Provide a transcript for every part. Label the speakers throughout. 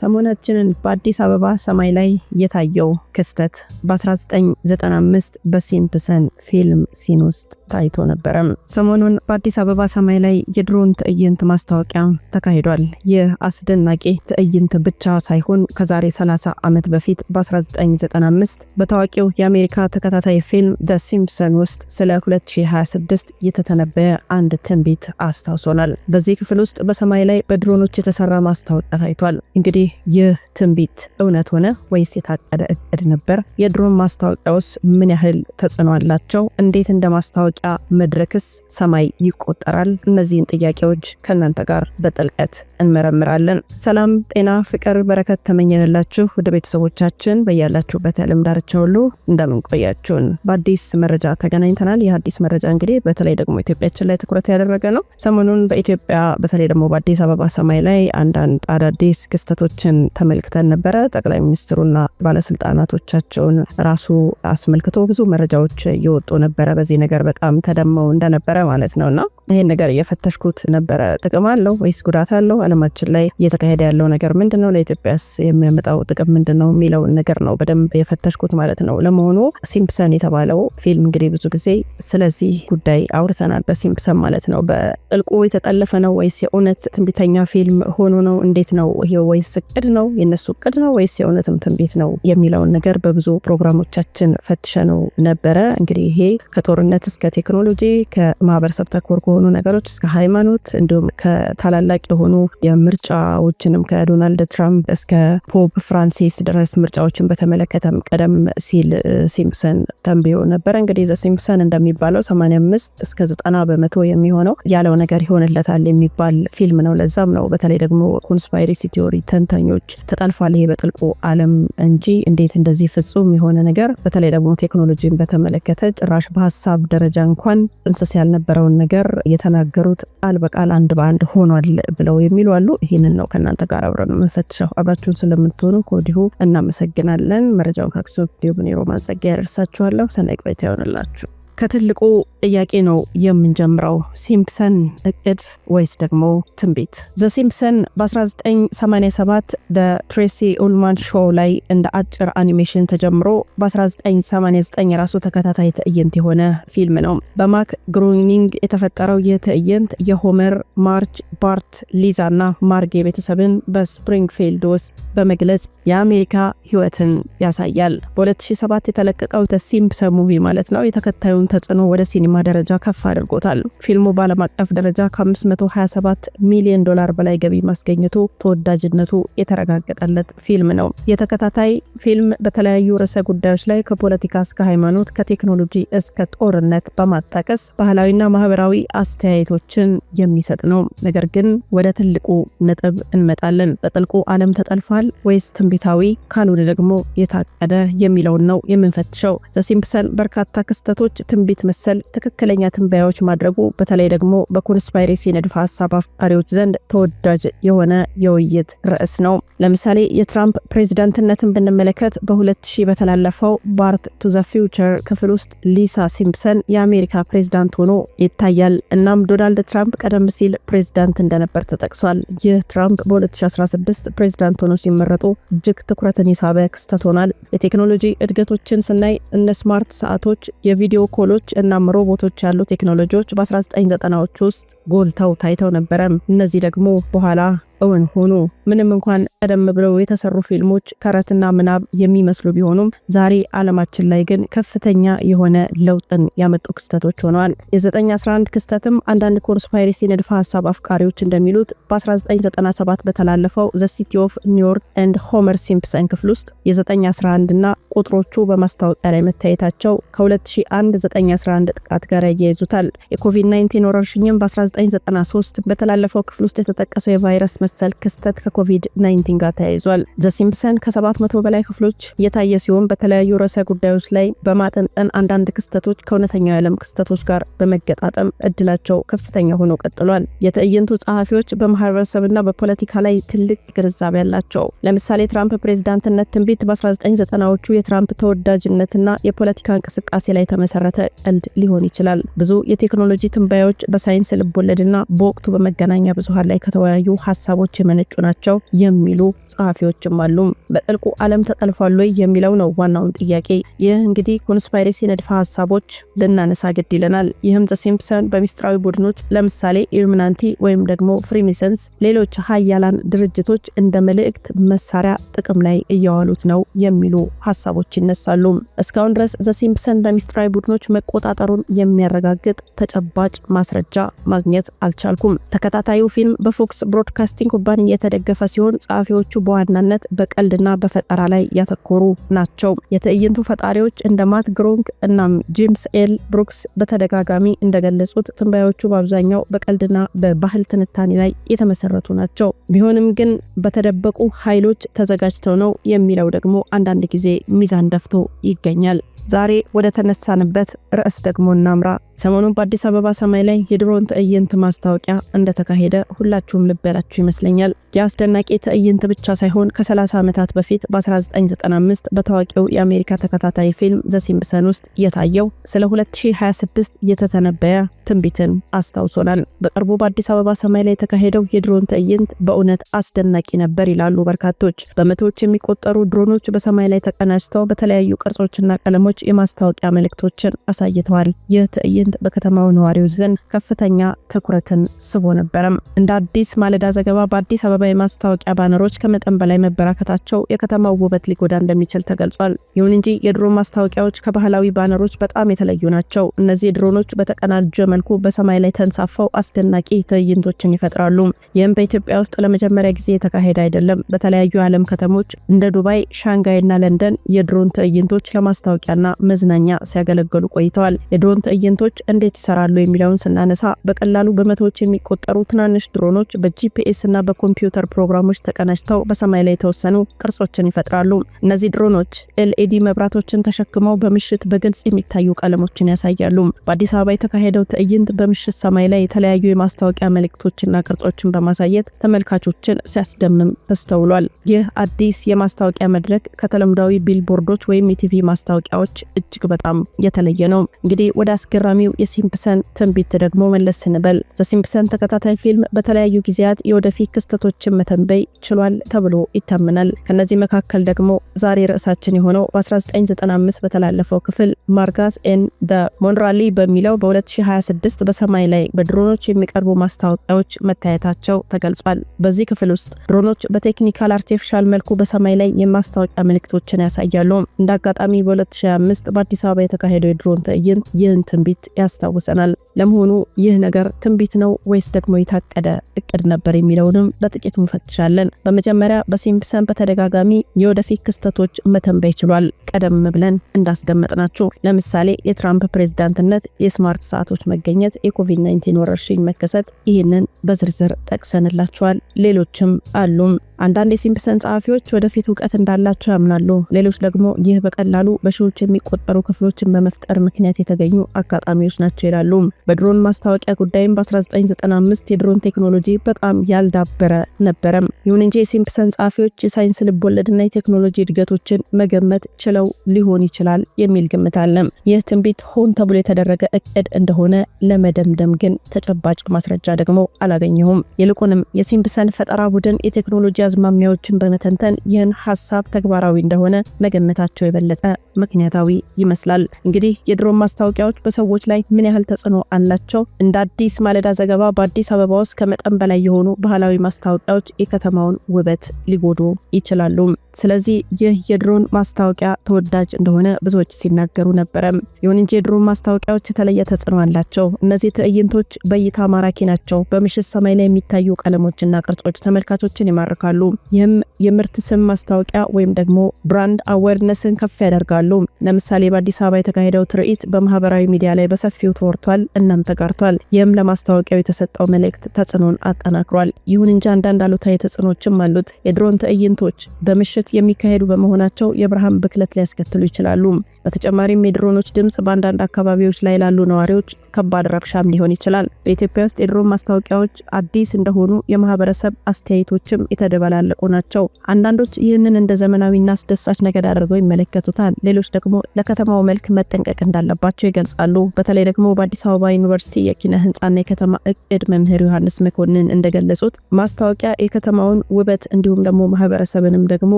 Speaker 1: ሰሞናችንን በአዲስ አበባ ሰማይ ላይ የታየው ክስተት በ1995 በሲምፕሰን ፊልም ሲን ውስጥ ታይቶ ነበረ። ሰሞኑን በአዲስ አበባ ሰማይ ላይ የድሮን ትዕይንት ማስታወቂያ ተካሂዷል። ይህ አስደናቂ ትዕይንት ብቻ ሳይሆን ከዛሬ 30 ዓመት በፊት በ1995 በታዋቂው የአሜሪካ ተከታታይ ፊልም ደ ሲምፕሰን ውስጥ ስለ 2026 የተተነበየ አንድ ትንቢት አስታውሶናል። በዚህ ክፍል ውስጥ በሰማይ ላይ በድሮኖች የተሰራ ማስታወቂያ ታይቷል። እንግዲህ ይህ ትንቢት እውነት ሆነ ወይስ የታቀደ እቅድ ነበር? የድሮን ማስታወቂያውስ ምን ያህል ተጽዕኖ አላቸው? እንዴት እንደ ማስታወቂያ መድረክስ ሰማይ ይቆጠራል? እነዚህን ጥያቄዎች ከእናንተ ጋር በጥልቀት እንመረምራለን። ሰላም፣ ጤና፣ ፍቅር፣ በረከት ተመኘንላችሁ ወደ ቤተሰቦቻችን በያላችሁበት የዓለም ዳርቻ ሁሉ እንደምንቆያችሁን በአዲስ መረጃ ተገናኝተናል። ይህ አዲስ መረጃ እንግዲህ በተለይ ደግሞ ኢትዮጵያችን ላይ ትኩረት ያደረገ ነው። ሰሞኑን በኢትዮጵያ በተለይ ደግሞ በአዲስ አበባ ሰማይ ላይ አንዳንድ አዳዲስ ክስተቶችን ተመልክተን ነበረ። ጠቅላይ ሚኒስትሩና ባለስልጣናቶቻቸውን ራሱ አስመልክቶ ብዙ መረጃዎች እየወጡ ነበረ። በዚህ ነገር በጣም ተደመው እንደነበረ ማለት ነውና ይህን ነገር እየፈተሽኩት ነበረ። ጥቅም አለው ወይስ ጉዳት አለው? አለማችን ላይ እየተካሄደ ያለው ነገር ምንድን ነው? ለኢትዮጵያስ የሚያመጣው ጥቅም ምንድን ነው የሚለውን ነገር ነው በደንብ የፈተሽኩት ማለት ነው። ለመሆኑ ሲምፕሰን የተባለው ፊልም እንግዲህ ብዙ ጊዜ ስለዚህ ጉዳይ አውርተናል። በሲምፕሰን ማለት ነው በጥልቁ የተጠለፈ ነው ወይስ የእውነት ትንቢተኛ ፊልም ሆኖ ነው? እንዴት ነው ይሄ? ወይስ እቅድ ነው የነሱ እቅድ ነው ወይስ የእውነትም ትንቢት ነው የሚለውን ነገር በብዙ ፕሮግራሞቻችን ፈትሸነው ነበረ። እንግዲህ ይሄ ከጦርነት እስከ ቴክኖሎጂ ከማህበረሰብ ተኮርጎ የሆኑ ነገሮች እስከ ሃይማኖት እንዲሁም ከታላላቅ የሆኑ የምርጫዎችንም ከዶናልድ ትራምፕ እስከ ፖፕ ፍራንሲስ ድረስ ምርጫዎችን በተመለከተም ቀደም ሲል ሲምፕሰን ተንብዮ ነበረ። እንግዲህ ዘ ሲምፕሰን እንደሚባለው 85 እስከ 90 በመቶ የሚሆነው ያለው ነገር ይሆንለታል የሚባል ፊልም ነው። ለዛም ነው በተለይ ደግሞ ኮንስፓይሪሲ ቲዮሪ ተንታኞች ተጠልፏል ይሄ በጥልቁ አለም እንጂ እንዴት እንደዚህ ፍጹም የሆነ ነገር በተለይ ደግሞ ቴክኖሎጂን በተመለከተ ጭራሽ በሀሳብ ደረጃ እንኳን ጥንስስ ያልነበረውን ነገር የተናገሩት ቃል በቃል አንድ በአንድ ሆኗል ብለው የሚሉ አሉ። ይህንን ነው ከእናንተ ጋር አብረን የምንፈትሸው። አብራችሁን ስለምትሆኑ ከወዲሁ እናመሰግናለን። መረጃውን ከአክሱም ዲዮብኔሮ ማጸጊያ ያደርሳችኋለሁ። ሰናይ ቆይታ ይሆንላችሁ። ከትልቁ ጥያቄ ነው የምንጀምረው። ሲምፕሰን እቅድ ወይስ ደግሞ ትንቢት? ዘ ሲምፕሰን በ1987 ደ ትሬሲ ኡልማን ሾው ላይ እንደ አጭር አኒሜሽን ተጀምሮ በ1989 የራሱ ተከታታይ ትዕይንት የሆነ ፊልም ነው። በማክ ግሩኒንግ የተፈጠረው ይህ ትዕይንት የሆመር ማርች፣ ባርት፣ ሊዛ እና ማርጌ ቤተሰብን በስፕሪንግፊልድ ውስጥ በመግለጽ የአሜሪካ ህይወትን ያሳያል። በ2007 የተለቀቀው ዘ ሲምፕሰን ሙቪ ማለት ነው የተከታዩን ተጽዕኖ ወደ ሲኒማ በፊልማ ደረጃ ከፍ አድርጎታል። ፊልሙ በዓለም አቀፍ ደረጃ ከ527 ሚሊዮን ዶላር በላይ ገቢ ማስገኘቱ ተወዳጅነቱ የተረጋገጠለት ፊልም ነው። የተከታታይ ፊልም በተለያዩ ርዕሰ ጉዳዮች ላይ ከፖለቲካ እስከ ሃይማኖት፣ ከቴክኖሎጂ እስከ ጦርነት በማጣቀስ ባህላዊና ማህበራዊ አስተያየቶችን የሚሰጥ ነው። ነገር ግን ወደ ትልቁ ነጥብ እንመጣለን። በጥልቁ ዓለም ተጠልፏል ወይስ ትንቢታዊ ካልሆነ ደግሞ የታቀደ የሚለውን ነው የምንፈትሸው። ዘሲምፕሰን በርካታ ክስተቶች ትንቢት መሰል ትክክለኛ ትንበያዎች ማድረጉ በተለይ ደግሞ በኮንስፓይሬሲ ንድፈ ሀሳብ አፍቃሪዎች ዘንድ ተወዳጅ የሆነ የውይይት ርዕስ ነው። ለምሳሌ የትራምፕ ፕሬዚዳንትነትን ብንመለከት በ2000 በተላለፈው ባርት ቱ ዘ ፊውቸር ክፍል ውስጥ ሊሳ ሲምፕሰን የአሜሪካ ፕሬዚዳንት ሆኖ ይታያል። እናም ዶናልድ ትራምፕ ቀደም ሲል ፕሬዚዳንት እንደነበር ተጠቅሷል። ይህ ትራምፕ በ2016 ፕሬዚዳንት ሆኖ ሲመረጡ እጅግ ትኩረትን የሳበ ክስተት ሆናል። የቴክኖሎጂ እድገቶችን ስናይ እነ ስማርት ሰዓቶች፣ የቪዲዮ ኮሎች እናም ሮቦ ሮቦቶች ያሉ ቴክኖሎጂዎች በ1990ዎች ውስጥ ጎልተው ታይተው ነበረም። እነዚህ ደግሞ በኋላ እውን ሆኑ። ምንም እንኳን ቀደም ብለው የተሰሩ ፊልሞች ተረትና ምናብ የሚመስሉ ቢሆኑም ዛሬ ዓለማችን ላይ ግን ከፍተኛ የሆነ ለውጥን ያመጡ ክስተቶች ሆነዋል። የ911 ክስተትም አንዳንድ ኮንስፓይሬሲ ንድፈ ሀሳብ አፍቃሪዎች እንደሚሉት በ1997 በተላለፈው ዘ ሲቲ ኦፍ ኒውዮርክ ኤንድ ሆመር ሲምፕሰን ክፍል ውስጥ የ911 እና ቁጥሮቹ በማስታወቂያ ላይ መታየታቸው ከ2001 911 ጥቃት ጋር ያያይዙታል። የኮቪድ-19 ወረርሽኝም በ1993 በተላለፈው ክፍል ውስጥ የተጠቀሰው የቫይረስ መሰል ክስተት ከኮቪድ-19 ጋር ተያይዟል። ሲምፕሰን ከ700 በላይ ክፍሎች የታየ ሲሆን በተለያዩ ርዕሰ ጉዳዮች ላይ በማጠንጠን አንዳንድ ክስተቶች ከእውነተኛው የዓለም ክስተቶች ጋር በመገጣጠም እድላቸው ከፍተኛ ሆኖ ቀጥሏል። የትዕይንቱ ጸሐፊዎች በማህበረሰብና በፖለቲካ ላይ ትልቅ ግንዛቤ ያላቸው ለምሳሌ ትራምፕ ፕሬዚዳንትነት ትንቢት በ1990ዎቹ የትራምፕ ተወዳጅነትና የፖለቲካ እንቅስቃሴ ላይ ተመሰረተ ቀልድ ሊሆን ይችላል። ብዙ የቴክኖሎጂ ትንባያዎች በሳይንስ ልቦለድና በወቅቱ በመገናኛ ብዙሃን ላይ ከተወያዩ ሀሳቦች ሀሳቦች የመነጩ ናቸው የሚሉ ጸሐፊዎችም አሉ። በጥልቁ ዓለም ተጠልፏል ወይ የሚለው ነው ዋናውን ጥያቄ። ይህ እንግዲህ ኮንስፓይሬሲ ንድፈ ሀሳቦች ልናነሳ ግድ ይለናል። ይህም ዘሲምፕሰን በሚስጥራዊ ቡድኖች ለምሳሌ ኢሉሚናንቲ ወይም ደግሞ ፍሪሜሰንስ፣ ሌሎች ሀያላን ድርጅቶች እንደ መልእክት መሳሪያ ጥቅም ላይ እያዋሉት ነው የሚሉ ሀሳቦች ይነሳሉ። እስካሁን ድረስ ዘሲምፕሰን በሚስጥራዊ ቡድኖች መቆጣጠሩን የሚያረጋግጥ ተጨባጭ ማስረጃ ማግኘት አልቻልኩም። ተከታታዩ ፊልም በፎክስ ብሮድካስቲንግ ኩባንያ የተደገፈ ሲሆን ጸሐፊዎቹ በዋናነት በቀልድና በፈጠራ ላይ ያተኮሩ ናቸው። የትዕይንቱ ፈጣሪዎች እንደ ማት ግሮንክ እናም ጂምስ ኤል ብሩክስ በተደጋጋሚ እንደገለጹት ትንባዮቹ በአብዛኛው በቀልድና በባህል ትንታኔ ላይ የተመሰረቱ ናቸው። ቢሆንም ግን በተደበቁ ኃይሎች ተዘጋጅተው ነው የሚለው ደግሞ አንዳንድ ጊዜ ሚዛን ደፍቶ ይገኛል። ዛሬ ወደ ተነሳንበት ርዕስ ደግሞ እናምራ። ሰሞኑን በአዲስ አበባ ሰማይ ላይ የድሮን ትዕይንት ማስታወቂያ እንደተካሄደ ሁላችሁም ልብ ያላችሁ ይመስለኛል። የአስደናቂ ትዕይንት ብቻ ሳይሆን ከ30 ዓመታት በፊት በ1995 በታዋቂው የአሜሪካ ተከታታይ ፊልም ዘሲምፕሰን ውስጥ የታየው ስለ 2026 የተተነበየ ትንቢትን አስታውሶናል። በቅርቡ በአዲስ አበባ ሰማይ ላይ የተካሄደው የድሮን ትዕይንት በእውነት አስደናቂ ነበር ይላሉ በርካቶች። በመቶዎች የሚቆጠሩ ድሮኖች በሰማይ ላይ ተቀናጅተው በተለያዩ ቅርጾችና ቀለሞች የማስታወቂያ መልእክቶችን አሳይተዋል። ይህ ትዕይንት ትዕይንት በከተማው ነዋሪው ዘንድ ከፍተኛ ትኩረትን ስቦ ነበረም። እንደ አዲስ ማለዳ ዘገባ በአዲስ አበባ የማስታወቂያ ባነሮች ከመጠን በላይ መበራከታቸው የከተማው ውበት ሊጎዳ እንደሚችል ተገልጿል። ይሁን እንጂ የድሮን ማስታወቂያዎች ከባህላዊ ባነሮች በጣም የተለዩ ናቸው። እነዚህ ድሮኖች በተቀናጀ መልኩ በሰማይ ላይ ተንሳፈው አስደናቂ ትዕይንቶችን ይፈጥራሉ። ይህም በኢትዮጵያ ውስጥ ለመጀመሪያ ጊዜ የተካሄደ አይደለም። በተለያዩ የዓለም ከተሞች እንደ ዱባይ፣ ሻንጋይና ለንደን የድሮን ትዕይንቶች ለማስታወቂያና መዝናኛ ሲያገለግሉ ቆይተዋል። የድሮን ትዕይንቶች እንዴት ይሰራሉ የሚለውን ስናነሳ በቀላሉ በመቶዎች የሚቆጠሩ ትናንሽ ድሮኖች በጂፒኤስ እና በኮምፒውተር ፕሮግራሞች ተቀናጅተው በሰማይ ላይ የተወሰኑ ቅርጾችን ይፈጥራሉ። እነዚህ ድሮኖች ኤልኢዲ መብራቶችን ተሸክመው በምሽት በግልጽ የሚታዩ ቀለሞችን ያሳያሉ። በአዲስ አበባ የተካሄደው ትዕይንት በምሽት ሰማይ ላይ የተለያዩ የማስታወቂያ መልእክቶችና ቅርጾችን በማሳየት ተመልካቾችን ሲያስደምም ተስተውሏል። ይህ አዲስ የማስታወቂያ መድረክ ከተለምዳዊ ቢልቦርዶች ወይም የቲቪ ማስታወቂያዎች እጅግ በጣም የተለየ ነው። እንግዲህ ወደ አስገራሚ ተከታታዩ የሲምፕሰን ትንቢት ደግሞ መለስ ስንበል ዘሲምፕሰን ተከታታይ ፊልም በተለያዩ ጊዜያት የወደፊት ክስተቶችን መተንበይ ችሏል ተብሎ ይታመናል። ከነዚህ መካከል ደግሞ ዛሬ ርዕሳችን የሆነው በ1995 በተላለፈው ክፍል ማርጋስ ኤን ደ ሞንራሊ በሚለው በ2026 በሰማይ ላይ በድሮኖች የሚቀርቡ ማስታወቂያዎች መታየታቸው ተገልጿል። በዚህ ክፍል ውስጥ ድሮኖች በቴክኒካል አርቲፊሻል መልኩ በሰማይ ላይ የማስታወቂያ ምልክቶችን ያሳያሉ። እንደ አጋጣሚ በ2025 በአዲስ አበባ የተካሄደው የድሮን ትዕይንት ይህን ትንቢት erster, wo es einmal ለመሆኑ ይህ ነገር ትንቢት ነው ወይስ ደግሞ የታቀደ እቅድ ነበር የሚለውንም በጥቂቱ እንፈትሻለን። በመጀመሪያ በሲምፕሰን በተደጋጋሚ የወደፊት ክስተቶች መተንበይ ችሏል። ቀደም ብለን እንዳስደመጥናችሁ ለምሳሌ የትራምፕ ፕሬዝዳንትነት፣ የስማርት ሰዓቶች መገኘት፣ የኮቪድ-19 ወረርሽኝ መከሰት ይህንን በዝርዝር ጠቅሰንላችኋል። ሌሎችም አሉም። አንዳንድ የሲምፕሰን ጸሐፊዎች ወደፊት እውቀት እንዳላቸው ያምናሉ። ሌሎች ደግሞ ይህ በቀላሉ በሺዎች የሚቆጠሩ ክፍሎችን በመፍጠር ምክንያት የተገኙ አጋጣሚዎች ናቸው ይላሉ። በድሮን ማስታወቂያ ጉዳይም በ1995 የድሮን ቴክኖሎጂ በጣም ያልዳበረ ነበረም። ይሁን እንጂ የሲምፕሰን ጸሐፊዎች የሳይንስ ልቦለድና የቴክኖሎጂ እድገቶችን መገመት ችለው ሊሆን ይችላል የሚል ግምት አለም። ይህ ትንቢት ሆን ተብሎ የተደረገ እቅድ እንደሆነ ለመደምደም ግን ተጨባጭ ማስረጃ ደግሞ አላገኘሁም። ይልቁንም የሲምፕሰን ፈጠራ ቡድን የቴክኖሎጂ አዝማሚያዎችን በመተንተን ይህን ሀሳብ ተግባራዊ እንደሆነ መገመታቸው የበለጠ ምክንያታዊ ይመስላል። እንግዲህ የድሮ ማስታወቂያዎች በሰዎች ላይ ምን ያህል ተጽዕኖ አላቸው? እንደ አዲስ ማለዳ ዘገባ በአዲስ አበባ ውስጥ ከመጠን በላይ የሆኑ ባህላዊ ማስታወቂያዎች የከተማውን ውበት ሊጎዱ ይችላሉ። ስለዚህ ይህ የድሮን ማስታወቂያ ተወዳጅ እንደሆነ ብዙዎች ሲናገሩ ነበረም። ይሁን እንጂ የድሮን ማስታወቂያዎች የተለየ ተጽዕኖ አላቸው። እነዚህ ትዕይንቶች በእይታ ማራኪ ናቸው። በምሽት ሰማይ ላይ የሚታዩ ቀለሞችና ቅርጾች ተመልካቾችን ይማርካሉ። ይህም የምርት ስም ማስታወቂያ ወይም ደግሞ ብራንድ አዌርነስን ከፍ ያደርጋሉ። ለምሳሌ በአዲስ አበባ የተካሄደው ትርኢት በማህበራዊ ሚዲያ ላይ በሰፊው ተወርቷል እናም ተጋርቷል። ይህም ለማስታወቂያው የተሰጠው መልእክት ተጽዕኖን አጠናክሯል። ይሁን እንጂ አንዳንድ አሉታዊ ተጽዕኖችም አሉት። የድሮን ትዕይንቶች በምሽት ምሽት የሚካሄዱ በመሆናቸው የብርሃን ብክለት ሊያስከትሉ ይችላሉ። በተጨማሪም የድሮኖች ድምፅ በአንዳንድ አካባቢዎች ላይ ላሉ ነዋሪዎች ከባድ ረብሻም ሊሆን ይችላል። በኢትዮጵያ ውስጥ የድሮን ማስታወቂያዎች አዲስ እንደሆኑ የማህበረሰብ አስተያየቶችም የተደበላለቁ ናቸው። አንዳንዶች ይህንን እንደ ዘመናዊና አስደሳች ነገር አድርገው ይመለከቱታል። ሌሎች ደግሞ ለከተማው መልክ መጠንቀቅ እንዳለባቸው ይገልጻሉ። በተለይ ደግሞ በአዲስ አበባ ዩኒቨርሲቲ የኪነ ህንፃና የከተማ እቅድ መምህር ዮሐንስ መኮንን እንደገለጹት ማስታወቂያ የከተማውን ውበት እንዲሁም ደግሞ ማህበረሰብንም ደግሞ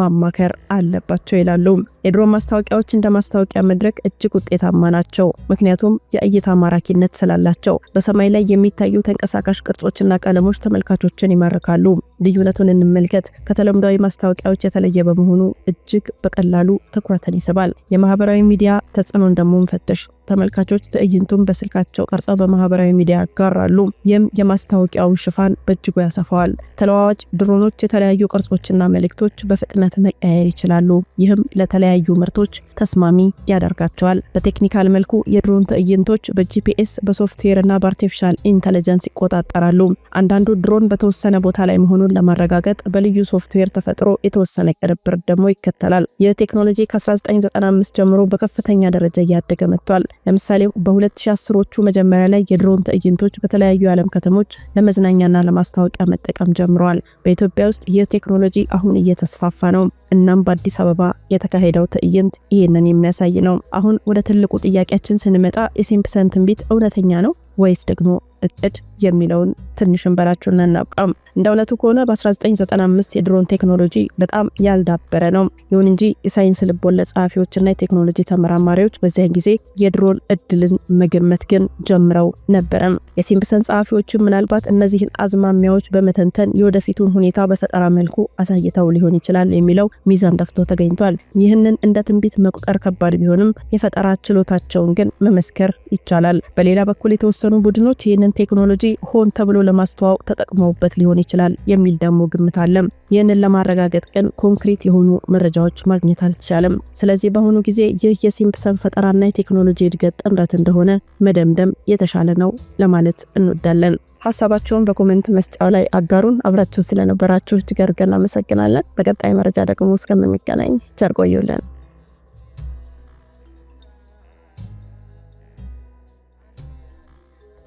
Speaker 1: ማማከር አለባቸው ይላሉም። የድሮ ማስታወቂያዎች እንደ ማስታወቂያ መድረክ እጅግ ውጤታማ ናቸው፣ ምክንያቱም የእይታ ማራኪነት ስላላቸው። በሰማይ ላይ የሚታዩ ተንቀሳቃሽ ቅርጾችና ቀለሞች ተመልካቾችን ይማርካሉ። ልዩነቱን እንመልከት። ከተለምዳዊ ማስታወቂያዎች የተለየ በመሆኑ እጅግ በቀላሉ ትኩረትን ይስባል። የማህበራዊ ሚዲያ ተጽዕኖን ደግሞ እንፈትሽ። ተመልካቾች ትዕይንቱን በስልካቸው ቀርጸው በማህበራዊ ሚዲያ ያጋራሉ። ይህም የማስታወቂያውን ሽፋን በእጅጉ ያሰፋዋል። ተለዋዋጭ ድሮኖች የተለያዩ ቅርጾችና መልእክቶች በፍጥነት መቀያየር ይችላሉ። ይህም ለተለያዩ ምርቶች ተስማሚ ያደርጋቸዋል። በቴክኒካል መልኩ የድሮን ትዕይንቶች በጂፒኤስ በሶፍትዌር እና በአርቲፊሻል ኢንተለጀንስ ይቆጣጠራሉ። አንዳንዱ ድሮን በተወሰነ ቦታ ላይ መሆኑን መሆኑን ለማረጋገጥ በልዩ ሶፍትዌር ተፈጥሮ የተወሰነ ቅንብር ደግሞ ይከተላል። ይህ ቴክኖሎጂ ከ1995 ጀምሮ በከፍተኛ ደረጃ እያደገ መጥቷል። ለምሳሌ በ2010ዎቹ መጀመሪያ ላይ የድሮን ትዕይንቶች በተለያዩ የዓለም ከተሞች ለመዝናኛና ለማስታወቂያ መጠቀም ጀምረዋል። በኢትዮጵያ ውስጥ ይህ ቴክኖሎጂ አሁን እየተስፋፋ ነው። እናም በአዲስ አበባ የተካሄደው ትዕይንት ይህንን የሚያሳይ ነው። አሁን ወደ ትልቁ ጥያቄያችን ስንመጣ የሲምፕሰን ትንቢት እውነተኛ ነው ወይስ ደግሞ እቅድ የሚለውን ትንሽ እንበላችሁን እናውቀም። እንደ እውነቱ ከሆነ በ1995 የድሮን ቴክኖሎጂ በጣም ያልዳበረ ነው። ይሁን እንጂ የሳይንስ ልቦለድ ጸሐፊዎችና የቴክኖሎጂ ተመራማሪዎች በዚያን ጊዜ የድሮን እድልን መገመት ግን ጀምረው ነበረም። የሲምፕሰን ጸሐፊዎችም ምናልባት እነዚህን አዝማሚያዎች በመተንተን የወደፊቱን ሁኔታ በፈጠራ መልኩ አሳይተው ሊሆን ይችላል የሚለው ሚዛን ደፍቶ ተገኝቷል። ይህንን እንደ ትንቢት መቁጠር ከባድ ቢሆንም የፈጠራ ችሎታቸውን ግን መመስከር ይቻላል። በሌላ በኩል የተወሰኑ ቡድኖች ይህንን ይህንን ቴክኖሎጂ ሆን ተብሎ ለማስተዋወቅ ተጠቅመውበት ሊሆን ይችላል የሚል ደግሞ ግምት አለም። ይህንን ለማረጋገጥ ግን ኮንክሪት የሆኑ መረጃዎች ማግኘት አልተቻለም። ስለዚህ በአሁኑ ጊዜ ይህ የሲምፕሰን ፈጠራና የቴክኖሎጂ እድገት ጥምረት እንደሆነ መደምደም የተሻለ ነው ለማለት እንወዳለን። ሀሳባችሁን በኮሜንት መስጫው ላይ አጋሩን። አብራችሁ ስለነበራችሁ እጅግ አድርገን እናመሰግናለን። በቀጣይ መረጃ ደግሞ እስከምንገናኝ ቸር ቆዩልን።